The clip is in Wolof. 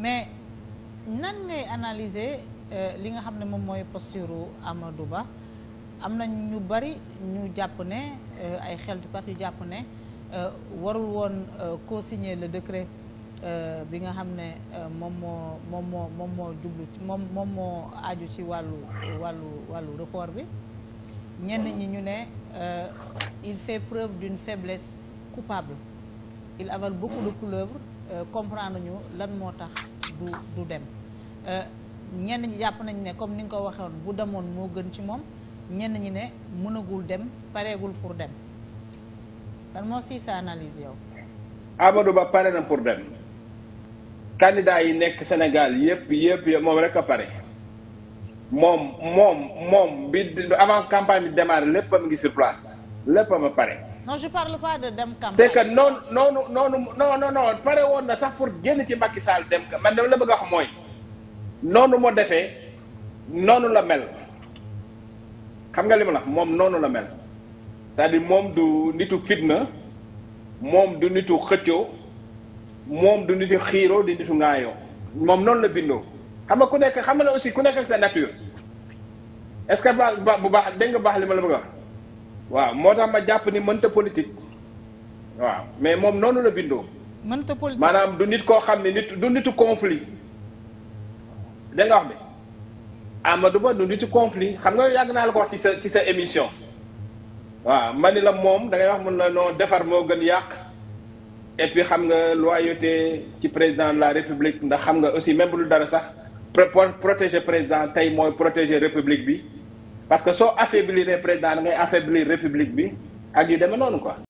mais nan ngay analyser euh, li nga xam ne moom mooy posture Amadou Ba am na ñu bari ñu jàpp ne euh, ay xeltukat yu jàpp ne euh, warul woon co-signer le décret bi nga xam ne moom moo moom moo moom moo jublu moom moom moo aju ci wàllu wàllu wàllu report bi ñenn ñi ñu ne il fait preuve d'une faiblesse coupable il avale beaucoup de couleuvres comprendre ñu lan moo tax du dem dem euh, ñenn ñi jàpp nañ ne comme ni nga ko waxoon bu demoon moo gën ci moom ñenn ñi ne mënagul dem pareegul pour dem lan moo si Amadou Ba pare na pour dem candidat yi nekk Sénégal yëpp yëpp yëpp moom rek a pare moom moom moom bi avant campagne bi démarré lépp a ngi sur place lépp a pare. non je parle pas de dem campagne. c'est que noonu noonu noonu non non non pare woon na sax pour génn ci Macky Sall dem ka man dama la bëgg a wax noonu moo defee noonu la mel xam nga li ma la moom noonu la mel cest à moom du nitu fitna moom du nitu xëccoo moom du nitu xiiroo di nitu ŋaayoo moom noonu la bindoo xam nga ku nekk xam nga ne aussi ku nekk ak sa nature est-ce que bu baax dégg nga baax li ma la bëgg a waaw moo tax ma jàpp ni mënta politique waaw mais moom noonu la bindoo. mënta politique maanaam du nit koo xam ne nit du nitu conflit. da nga wax bi Amadou Ba du nitu conflit xam nga yàgg naa la ko wax ci sa ci sa émission. waaw ma ni la moom da ngay wax mun la non defar moo gën yàq et puis xam nga loyauté ci président de la république ndax xam nga aussi même bu dul dara sax protéger président tey mooy protéger république bi. parce que so affaiblir président da ngay affaiblir république bi ak yu demee noonu quoi